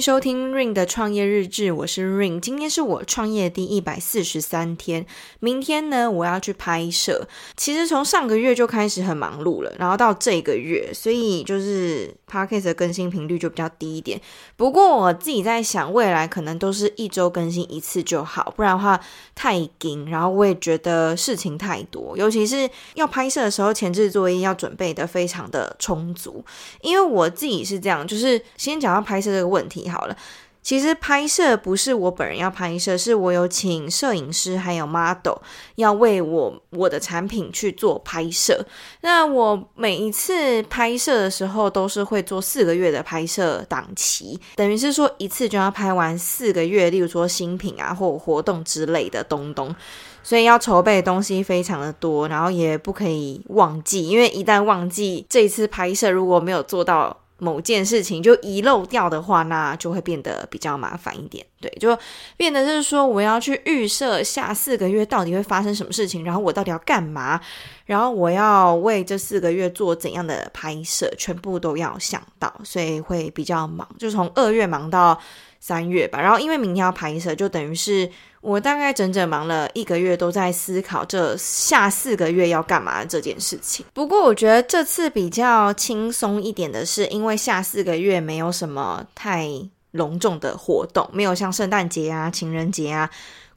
收聽 Ring 的創業日志，我是 Ring。今天是我創業第一百四十三天，明天呢，我要去拍攝。其實從上個月就開始很忙碌了，然後到這個月，所以就是 Podcast 的更新頻率就比較低一點。不過我自己在想，未來可能都是一周更新一次就好，不然的話太緊。然後我也覺得事情太多，尤其是要拍攝的時候，前置作業要準備的非常的充足。因為我自己是這樣，就是先講到拍攝這個問題。好了，其實拍攝不是我本人要拍攝，是我有請攝影師還有 model 要為我我的產品去做拍攝。那我每一次拍攝的時候，都是會做四個月的拍攝檔期，等於是說一次就要拍完四個月，例如說新品啊或活動之類的東東，所以要籌備的東西非常的多，然後也不可以忘記，因為一旦忘記，這次拍攝如果沒有做到。某件事情就遺漏掉的話，那就會變得比較麻煩一點。對，就變得就是說，我要去預設下四個月到底會發生什麼事情，然後我到底要幹嘛，然後我要為這四個月做怎樣的拍攝，全部都要想到，所以會比較忙，就從二月忙到三月吧。然後因為明天要拍攝，就等於是。我大概整整忙了一個月，都在思考這下四個月要幹嘛這件事情。不過我覺得這次比較輕鬆一點的是，因為下四個月沒有什麼太隆重的活動，沒有像聖誕節啊、情人節啊。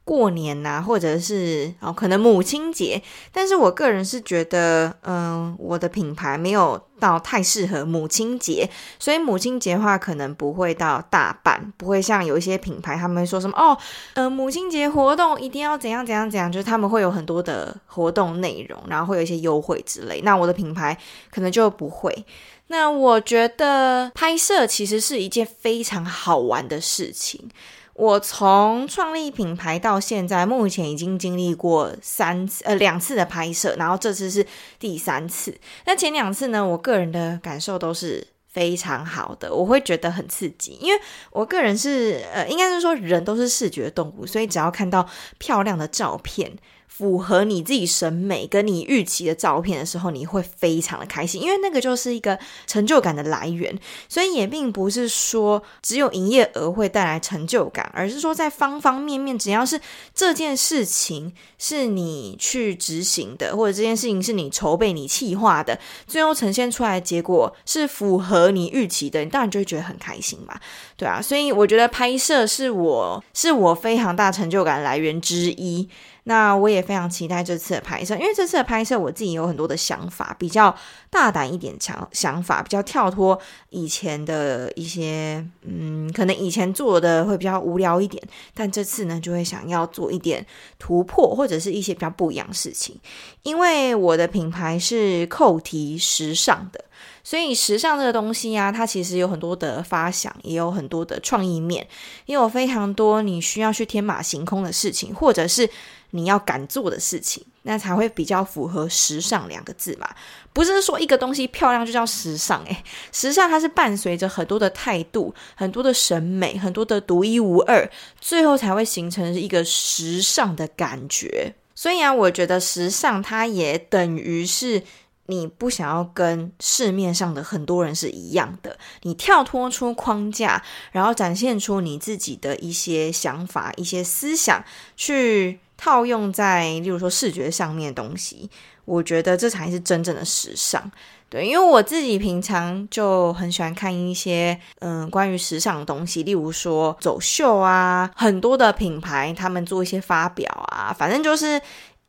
過年啊，或者是哦，可能母親節，但是我個人是覺得，嗯、呃，我的品牌沒有到太適合母親節，所以母親節話可能不會到大半，不會像有一些品牌，他們會說什麼哦，嗯、呃，母親節活動一定要怎樣怎樣怎樣，就是他們會有很多的活動內容，然後會有一些優惠之類，那我的品牌可能就不會。那我覺得拍攝其實是一件非常好玩的事情。我從創立品牌到現在，目前已經經歷過三次，呃，兩次的拍攝，然後這次是第三次。那前兩次呢，我個人的感受都是非常好的，我會覺得很刺激，因為我個人是，呃，應該是說人都是視覺動物，所以只要看到漂亮的照片。符合你自己審美跟你預期的照片的時候，你會非常的開心，因為那個就是一個成就感的來源。所以也並不是說只有營業額會帶來成就感，而是說在方方面面，只要是這件事情是你去執行的，或者這件事情是你籌備、你企劃的，最後呈現出來的結果是符合你預期的，你當然就會覺得很開心嘛。對啊，所以我覺得拍攝是我是我非常大成就感的來源之一。那我也非常期待這次的拍攝，因為這次的拍攝我自己有很多的想法，比較大膽一點想想法，比較跳脫以前的一些，嗯，可能以前做的會比較無聊一點，但這次呢，就會想要做一點突破，或者是一些比較不一樣的事情。因為我的品牌是扣題時尚的，所以時尚這個東西呀、啊，它其實有很多的發想，也有很多的創意面，也有非常多你需要去天馬行空的事情，或者是。你要敢做的事情，那才會比較符合“時尚”兩個字嘛。不是說一個東西漂亮就叫時尚，欸，哎，時尚它是伴隨着很多的態度、很多的審美、很多的獨一無二，最後才會形成一個時尚的感覺。所以啊，我覺得時尚它也等於是你不想要跟市面上的很多人是一樣的，你跳脫出框架，然後展現出你自己的一些想法、一些思想去。套用在，例如說視覺上面的東西，我覺得這才是真正的時尚。對，因為我自己平常就很喜歡看一些，嗯、呃，關於時尚的東西，例如說走秀啊，很多的品牌他們做一些發表啊，反正就是。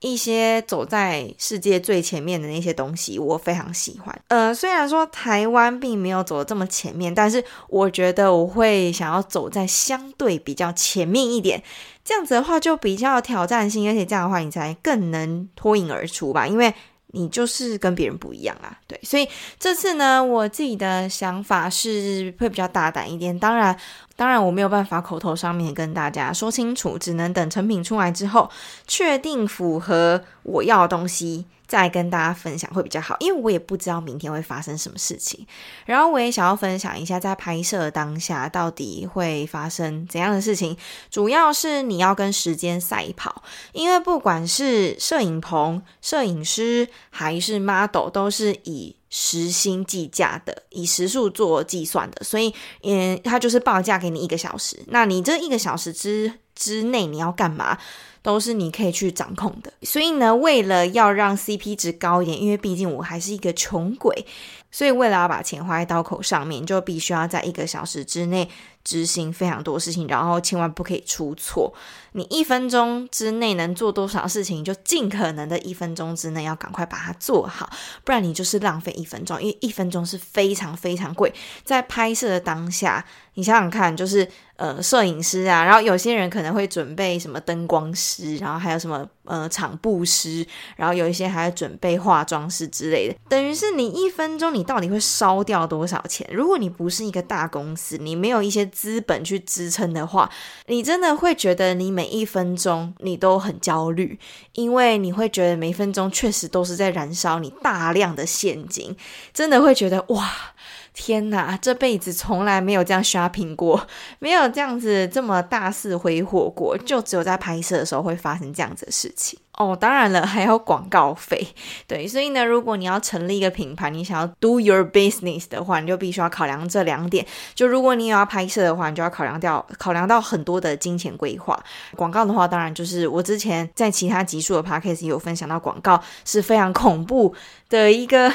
一些走在世界最前面的那些東西，我非常喜歡。呃，雖然說台灣並沒有走這麼前面，但是我覺得我會想要走在相對比較前面一點，這樣子的話就比較有挑戰性，而且這樣的話你才更能脫穎而出吧，因為。你就是跟別人不一樣啊，對，所以這次呢，我自己的想法是會比較大膽一點。當然，當然我沒有辦法口頭上面跟大家說清楚，只能等成品出來之後，確定符合我要的東西。再跟大家分享會比較好，因為我也不知道明天會發生什麼事情。然後我也想要分享一下，在拍攝當下到底會發生怎樣的事情。主要是你要跟時間賽跑，因為不管是攝影棚、攝影師還是 model，都是以時薪計價的，以時數做計算的。所以，嗯，他就是報價給你一個小時，那你這一個小時之之內你要幹嘛？都是你可以去掌控的，所以呢，為了要讓 CP 值高一點，因為畢竟我還是一個窮鬼，所以為了要把錢花在刀口上面，你就必須要在一個小時之內執行非常多事情，然後千萬不可以出錯。你一分鐘之內能做多少事情，就儘可能的一分鐘之內要趕快把它做好，不然你就是浪費一分鐘，因為一分鐘是非常非常貴。在拍攝的當下，你想想看，就是呃，攝影師啊，然後有些人可能會準備什麼燈光師。然後還有什麼呃，場布師，然後有一些還要準備化妝師之類的，等於是你一分鐘，你到底會燒掉多少錢？如果你不是一個大公司，你沒有一些資本去支撐的話，你真的會覺得你每一分鐘你都很焦慮，因為你會覺得每一分鐘確實都是在燃燒你大量的現金，真的會覺得哇。天吶，這輩子從來沒有這樣刷屏過，沒有這樣子這麼大肆揮霍過，就只有在拍攝的時候會發生這樣子的事情。哦，當然了，還有廣告費，對，所以呢，如果你要成立一個品牌，你想要 do your business 的話，你就必須要考量這兩點。就如果你有要拍攝的話，你就要考量掉考量到很多的金錢規劃。廣告的話，當然就是我之前在其他集數的 podcast 也有分享到，廣告是非常恐怖的一個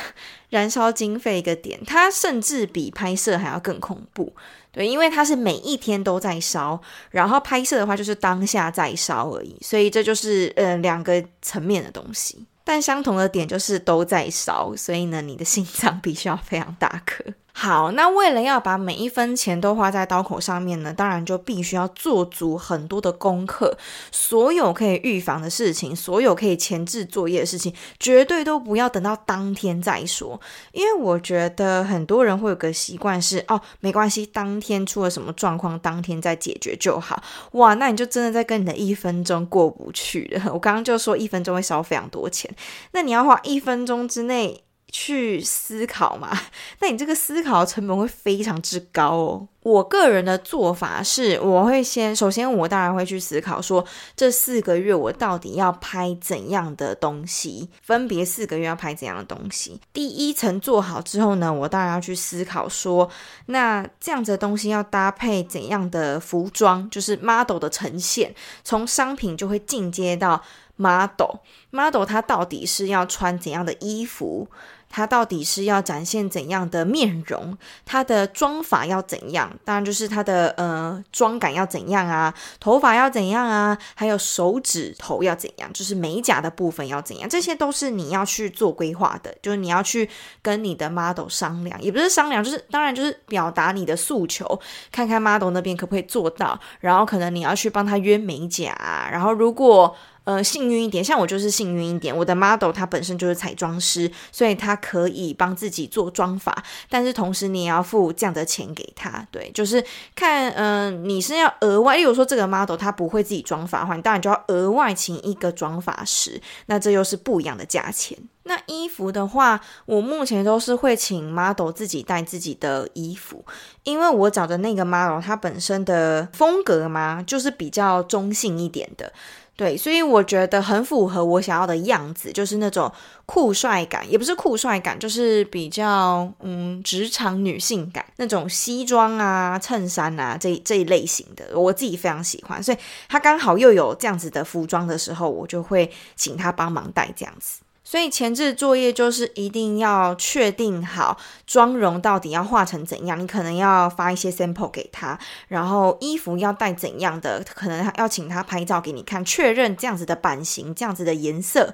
燃燒經費一個點，它甚至比拍攝還要更恐怖。對，因為它是每一天都在燒，然後拍攝的話就是當下在燒而已，所以這就是呃兩個層面的東西。但相同的點就是都在燒，所以呢，你的心臟必須要非常大顆。好，那為了要把每一分錢都花在刀口上面呢，當然就必須要做足很多的功課，所有可以預防的事情，所有可以前置作業的事情，絕對都不要等到當天再說。因為我覺得很多人會有個習慣是，哦，沒關係，當天出了什麼狀況，當天再解決就好。哇，那你就真的在跟你的一分鐘過不去了。我剛剛就說一分鐘會燒非常多錢，那你要花一分鐘之內，去思考嘛？那你這個思考成本會非常之高哦。我個人的做法是，我會先首先，我當然會去思考說，這四個月我到底要拍怎樣的東西，分別四個月要拍怎樣的東西。第一層做好之後呢，我當然要去思考說，那這樣子的東西要搭配怎樣的服裝，就是 model 的呈現，從商品就會進階到 model，model 它到底是要穿怎樣的衣服？他到底是要展現怎樣的面容？他的妝髮要怎樣？當然就是他的呃妝感要怎樣啊？頭髮要怎樣啊？還有手指頭要怎樣？就是美甲的部分要怎樣？這些都是你要去做規劃的，就是你要去跟你的 model 商量，也不是商量，就是當然就是表達你的訴求，看看 model 那邊可不可以做到。然後可能你要去幫他約美甲，然後如果。呃，幸運一點，像我就是幸運一點。我的 model 他本身就是彩妝師，所以他可以幫自己做妝髮。但是同時，你也要付這樣的錢給他。對，就是看，嗯、呃，你是要額外，例如說這個 model 他不會自己妝髮的話，你當然就要額外請一個妝髮師。那這又是不一樣的價錢。那衣服的話，我目前都是會請 model 自己帶自己的衣服，因為我找的那個 model 他本身的風格嘛，就是比較中性一點的。對，所以我覺得很符合我想要的樣子，就是那種酷帥感，也不是酷帥感，就是比較嗯職場女性感那種西裝啊、襯衫啊這這一類型的，我自己非常喜歡。所以他剛好又有這樣子的服裝的時候，我就會請他幫忙帶這樣子。所以前置作業就是一定要確定好妝容到底要化成怎樣，你可能要發一些 sample 給他，然後衣服要帶怎樣的，可能要請他拍照給你看，確認這樣子的版型，這樣子的顏色。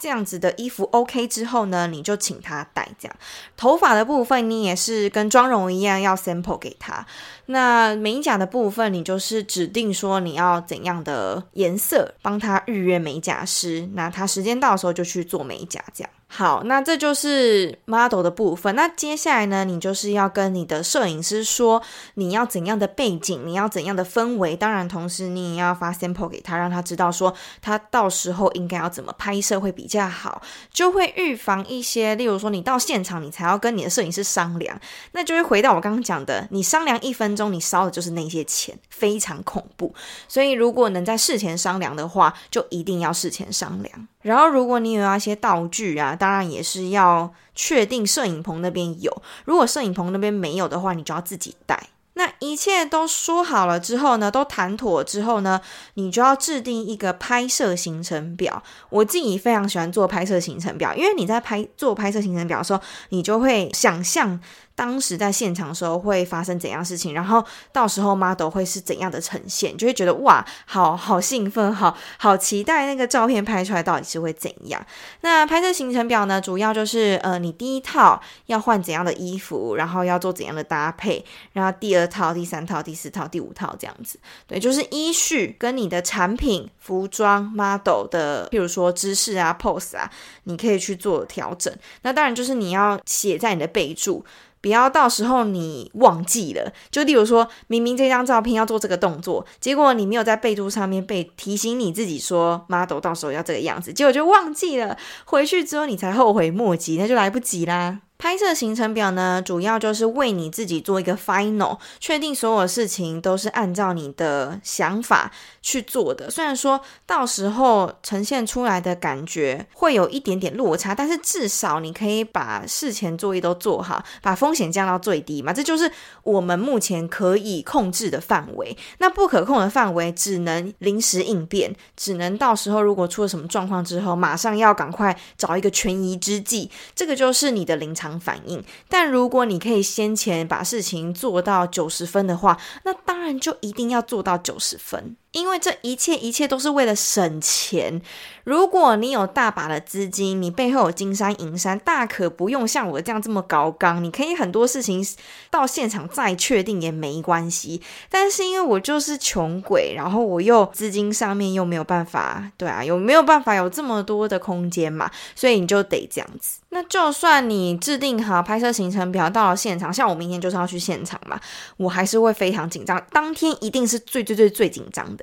這樣子的衣服 OK 之後呢，你就請他戴這樣。頭髮的部分你也是跟妝容一樣要 sample 給他。那美甲的部分你就是指定說你要怎樣的顏色，幫他預約美甲師。那他時間到的時候就去做美甲這樣。好，那這就是 model 的部分。那接下來呢，你就是要跟你的攝影師說你要怎樣的背景，你要怎樣的氛圍。當然，同時你也要發 sample 給他，讓他知道說他到時候應該要怎麼拍攝會比較好，就會預防一些。例如說，你到現場，你才要跟你的攝影師商量，那就會回到我剛剛講的，你商量一分鐘，你燒的就是那些錢，非常恐怖。所以，如果能在事前商量的話，就一定要事前商量。然後，如果你有一些道具啊，當然也是要確定攝影棚那邊有，如果攝影棚那邊沒有的話，你就要自己帶。那一切都說好了之後呢，都談妥之後呢，你就要制定一個拍攝行程表。我自己非常喜歡做拍攝行程表，因為你在拍做拍攝行程表的時候，你就會想象。當時在現場的時候會發生怎樣事情？然後到時候 model 會是怎樣的呈現？就會覺得哇，好好興奮，好好期待那個照片拍出來到底是會怎樣。那拍攝行程表呢？主要就是呃，你第一套要換怎樣的衣服，然後要做怎樣的搭配，然後第二套、第三套、第四套、第五套這樣子。對，就是依序跟你的產品、服裝 model 的，譬如說姿勢啊、pose 啊，你可以去做調整。那當然就是你要寫在你的備註。不要到時候你忘記了，就例如說明明這張照片要做這個動作，結果你沒有在備注上面被提醒你自己說，model 到時候要這個樣子，結果就忘記了，回去之後你才後悔莫及，那就來不及啦。拍攝行程表呢，主要就是為你自己做一個 final，確定所有事情都是按照你的想法去做的。雖然說到時候呈現出來的感覺會有一點點落差，但是至少你可以把事前作業都做好，把風險降到最低嘛。這就是我們目前可以控制的範圍。那不可控的範圍，只能臨時應變，只能到時候如果出了什麼狀況之後，馬上要趕快找一個權宜之計。這個就是你的臨場反應，但如果你可以先前把事情做到九十分的話，那當然就一定要做到九十分。因為這一切，一切都是為了省錢。如果你有大把的資金，你背後有金山銀山，大可不用像我這樣這麼搞剛。你可以很多事情到現場再確定也沒關係。但是因為我就是窮鬼，然後我又資金上面又沒有辦法，對啊，有沒有辦法有這麼多的空間嘛？所以你就得這樣子。那就算你制定好拍攝行程表，到了現場，像我明天就是要去現場嘛，我還是會非常緊張。當天一定是最最最最緊張的。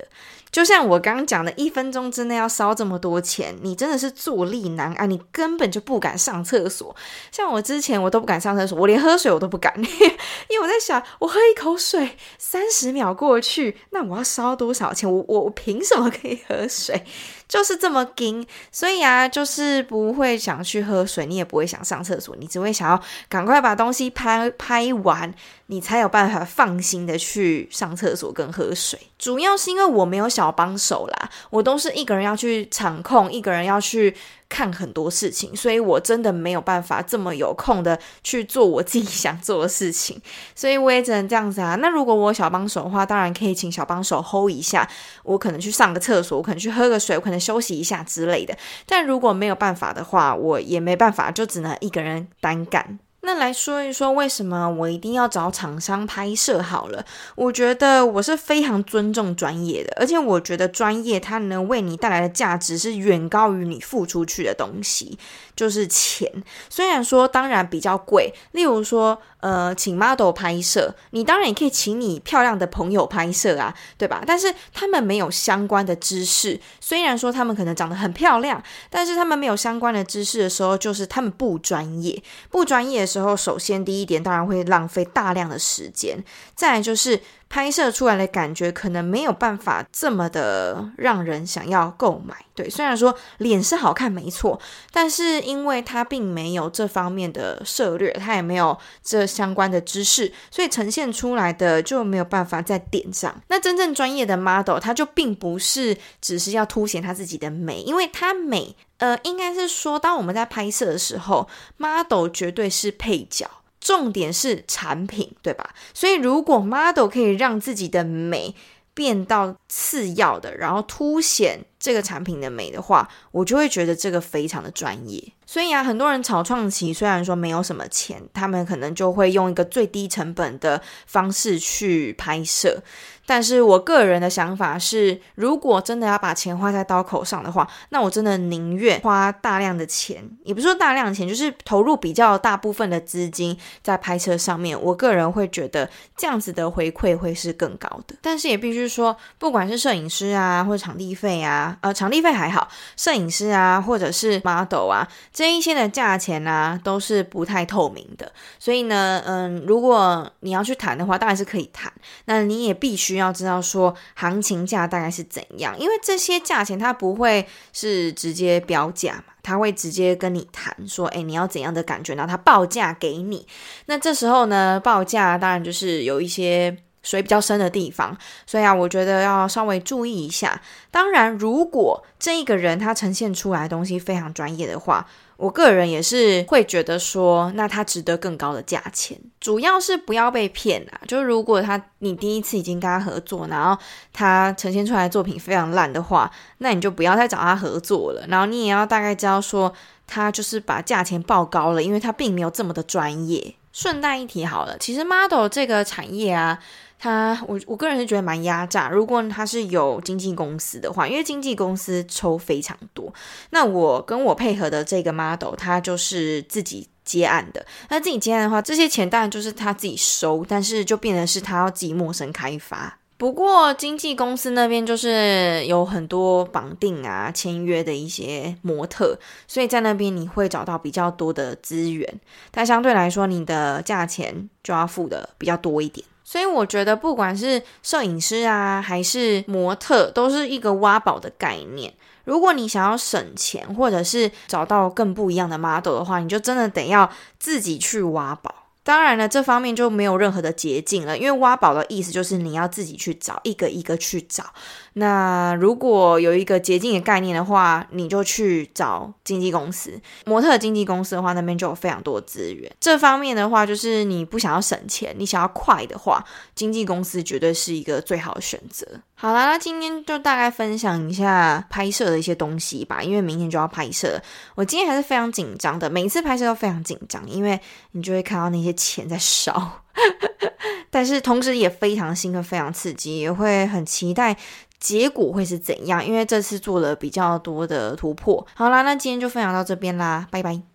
就像我剛剛講的，一分鐘之內要燒這麼多錢，你真的是坐立難安，啊，你根本就不敢上廁所。像我之前，我都不敢上廁所，我連喝水我都不敢，因為我在想，我喝一口水，三十秒過去，那我要燒多少錢？我我我憑什麼可以喝水？就是這麼緊，所以啊，就是不會想去喝水，你也不會想上廁所，你只會想要趕快把東西拍拍完，你才有辦法放心的去上廁所跟喝水。主要是因為我沒有小幫手啦，我都是一個人要去場控，一個人要去。看很多事情，所以我真的沒有辦法這麼有空的去做我自己想做的事情，所以我也只能這樣子啊。那如果我小幫手的話，當然可以請小幫手 hold 一下，我可能去上個廁所，我可能去喝個水，我可能休息一下之類的。但如果沒有辦法的話，我也沒辦法，就只能一個人單幹。那來說一說，為什麼我一定要找廠商拍攝好了。我覺得我是非常尊重專業的，而且我覺得專業它能為你帶來的價值是遠高於你付出去的東西。就是錢，雖然說當然比較貴。例如說，呃，請 model 拍攝，你當然也可以請你漂亮的朋友拍攝啊，對吧？但是他們沒有相關的知識，雖然說他們可能長得很漂亮，但是他們沒有相關的知識的時候，就是他們不專業。不專業的時候，首先第一點當然會浪費大量的時間，再來就是。拍攝出來的感覺可能沒有辦法這麼的讓人想要購買。對，雖然說臉是好看沒錯，但是因為他並沒有這方面的涉獵，他也沒有這相關的知識，所以呈現出來的就沒有辦法在點上。那真正專業的 model，他就並不是只是要凸顯他自己的美，因為他美，呃，應該是說，當我們在拍攝的時候，model 絕對是配角。重點是產品，對吧？所以如果 model 可以讓自己的美變到次要的，然後凸顯這個產品的美的話，我就會覺得這個非常的專業。所以啊，很多人草創期，雖然說沒有什麼錢，他們可能就會用一個最低成本的方式去拍攝。但是我個人的想法是，如果真的要把錢花在刀口上的話，那我真的寧願花大量的錢，也不是說大量的錢，就是投入比較大部分的資金在拍攝上面。我個人會覺得這樣子的回饋會是更高的。但是也必須說，不管是攝影師啊，或者場地費啊，呃，場地費還好，攝影師啊，或者是 model 啊。這一些的價錢啊，都是不太透明的，所以呢，嗯，如果你要去談的話，當然是可以談。那你也必須要知道說行情價大概是怎樣，因為這些價錢它不會是直接標價嘛，他會直接跟你談說，誒，你要怎樣的感覺呢？他報價給你。那這時候呢，報價當然就是有一些水比較深的地方，所以啊，我覺得要稍微注意一下。當然，如果這一個人他呈現出來的東西非常專業的話，我個人也是會覺得說，那他值得更高的價錢。主要是不要被騙啊。就如果他你第一次已經跟他合作，然後他呈現出來的作品非常爛的話，那你就不要再找他合作了。然後你也要大概知道說，他就是把價錢報高了，因為他並沒有這麼的專業。順帶一提好了，其實 model 這個產業啊，它我我個人是覺得蠻壓榨。如果它是有經紀公司的話，因為經紀公司抽非常多。那我跟我配合的這個 model，他就是自己接案的。那自己接案的話，這些錢當然就是他自己收，但是就變成是他要自己陌生開發。不過經紀公司那邊就是有很多綁定啊、簽約的一些模特，所以在那邊你會找到比較多的資源，但相對來說你的價錢就要付的比較多一點。所以我覺得，不管是攝影師啊，還是模特，都是一個挖寶的概念。如果你想要省錢，或者是找到更不一樣的 model 的話，你就真的得要自己去挖寶。當然了，這方面就沒有任何的捷徑了，因為挖寶的意思就是你要自己去找，一個一個去找。那如果有一個捷徑的概念的話，你就去找經紀公司，模特的經紀公司的話，那邊就有非常多資源。這方面的話，就是你不想要省錢，你想要快的話，經紀公司絕對是一個最好的選擇。好啦，那今天就大概分享一下拍攝的一些東西吧，因為明天就要拍攝。我今天還是非常緊張的，每一次拍攝都非常緊張，因為你就會看到那些錢在燒。 但是同時也非常興奮、非常刺激，也會很期待。結果會是怎樣？因為這次做了比較多的突破。好啦，那今天就分享到這邊啦，拜拜。